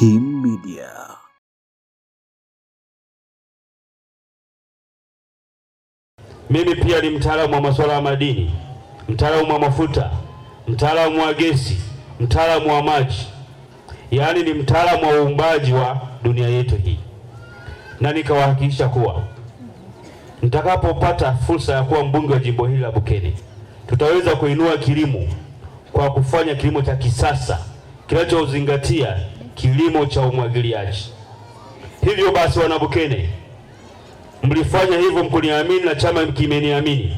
Kim Media. Mimi pia ni mtaalamu wa masuala ya madini, mtaalamu wa mafuta, mtaalamu wa gesi, mtaalamu wa maji, yaani ni mtaalamu wa uumbaji wa dunia yetu hii, na nikawahakikisha kuwa nitakapopata fursa ya kuwa mbunge wa jimbo hili la Bukene, tutaweza kuinua kilimo kwa kufanya kilimo cha kisasa kinachozingatia kilimo cha umwagiliaji. Hivyo basi, Wanabukene, mlifanya hivyo mkuniamini na chama kimeniamini,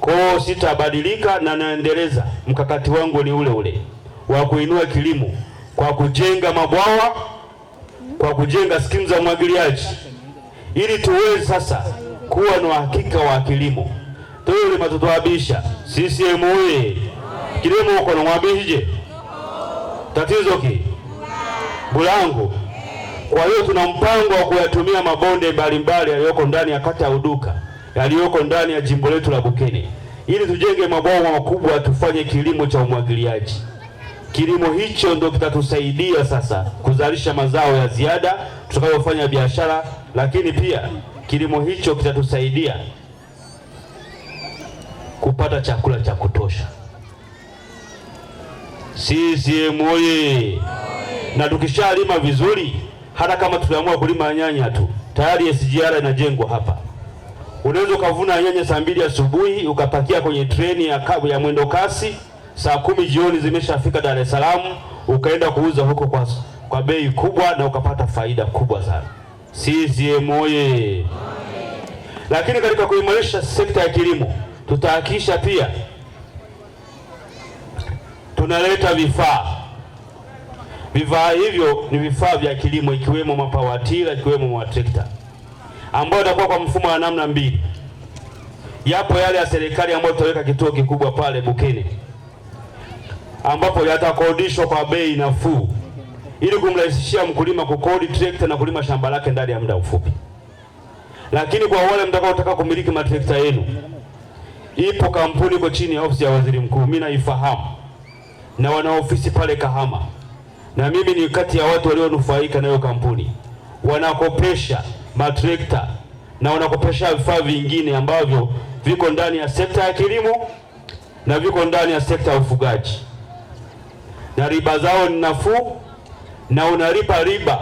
kwao sitabadilika na naendeleza mkakati wangu ni ule ule wa kuinua kilimo kwa kujenga mabwawa, kwa kujenga skimu za umwagiliaji ili tuweze sasa kuwa na uhakika wa kilimo tolimatutwabisha CCM oye kilimo konomwabishije tatizo kii bulangu Kwa hiyo tuna mpango wa kuyatumia mabonde mbalimbali yaliyoko ndani ya kata ya Uduka yaliyoko ndani ya jimbo letu la Bukene ili tujenge mabwawa makubwa, tufanye kilimo cha umwagiliaji. Kilimo hicho ndio kitatusaidia sasa kuzalisha mazao ya ziada tutakayofanya biashara, lakini pia kilimo hicho kitatusaidia kupata chakula cha kutosha. CCM oye! na tukishalima vizuri, hata kama tutaamua kulima nyanya tu, tayari SGR inajengwa hapa. Unaweza ukavuna nyanya saa mbili asubuhi ukapakia kwenye treni ya, ya mwendo kasi, saa kumi jioni zimeshafika Dar es Salaam, ukaenda kuuza huko kwa, kwa bei kubwa na ukapata faida kubwa sana. CCM oye! Lakini katika kuimarisha sekta ya kilimo tutahakikisha pia tunaleta vifaa Vifaa hivyo ni vifaa vya kilimo ikiwemo mapawatira ikiwemo matrekta ambayo itakuwa kwa mfumo wa namna mbili. Yapo yale ya serikali ambayo tutaweka kituo kikubwa pale Bukene ambapo yatakodishwa kwa bei nafuu ili kumrahisishia mkulima kukodi trekta na kulima shamba lake ndani ya muda mfupi. Lakini kwa wale mtakaotaka kumiliki matrekta yenu, ipo kampuni iko chini ya ofisi ya waziri mkuu, mimi naifahamu na wana ofisi pale Kahama na mimi ni kati ya watu walionufaika hiyo kampuni. Wanakopesha matrekta na wanakopesha vifaa vingine ambavyo viko ndani ya sekta ya kilimo na viko ndani ya sekta ya ufugaji, na riba zao ni nafuu, na unalipa riba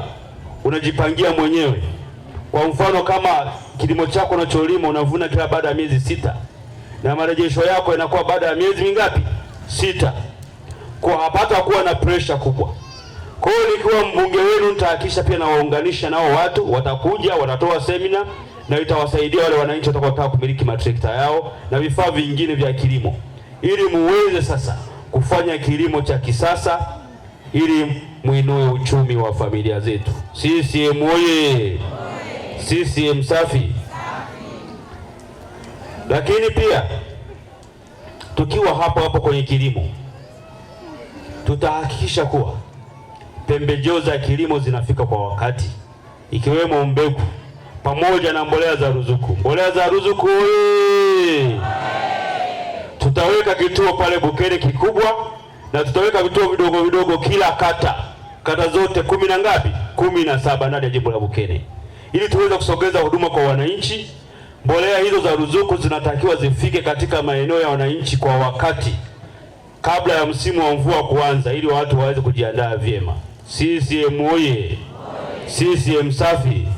unajipangia mwenyewe. Kwa mfano, kama kilimo chako unacholima unavuna kila baada ya miezi sita, na marejesho yako yanakuwa baada ya miezi mingapi? Sita. Kwa hapata kuwa na presha kubwa. Kwa hiyo nikiwa mbunge wenu nitahakikisha pia nawaunganisha nao, watu watakuja, watatoa semina na itawasaidia wale wananchi watakaotaka kumiliki matrekta yao na vifaa vingine vya kilimo, ili muweze sasa kufanya kilimo cha kisasa, ili muinue uchumi wa familia zetu. CCM oye! CCM safi! Lakini pia tukiwa hapo hapo kwenye kilimo tutahakikisha kuwa pembejeo za kilimo zinafika kwa wakati, ikiwemo mbegu pamoja na mbolea za ruzuku. Mbolea za ruzuku oye! Tutaweka kituo pale Bukene kikubwa, na tutaweka vituo vidogo vidogo kila kata, kata zote kumi na ngapi? Kumi na saba ndani ya jimbo la Bukene, ili tuweze kusogeza huduma kwa wananchi. Mbolea hizo za ruzuku zinatakiwa zifike katika maeneo ya wananchi kwa wakati kabla ya msimu wa mvua kuanza, ili watu waweze kujiandaa vyema. CCM oye! CCM safi!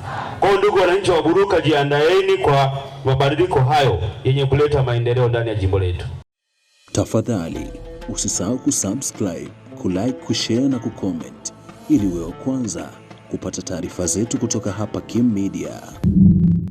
Kwa ndugu wananchi wa Buruka, jiandaeni kwa mabadiliko hayo yenye kuleta maendeleo ndani ya jimbo letu. Tafadhali usisahau kusubscribe, kulike, kushare na kucomment ili uwe wa kwanza kupata taarifa zetu kutoka hapa Kim Media.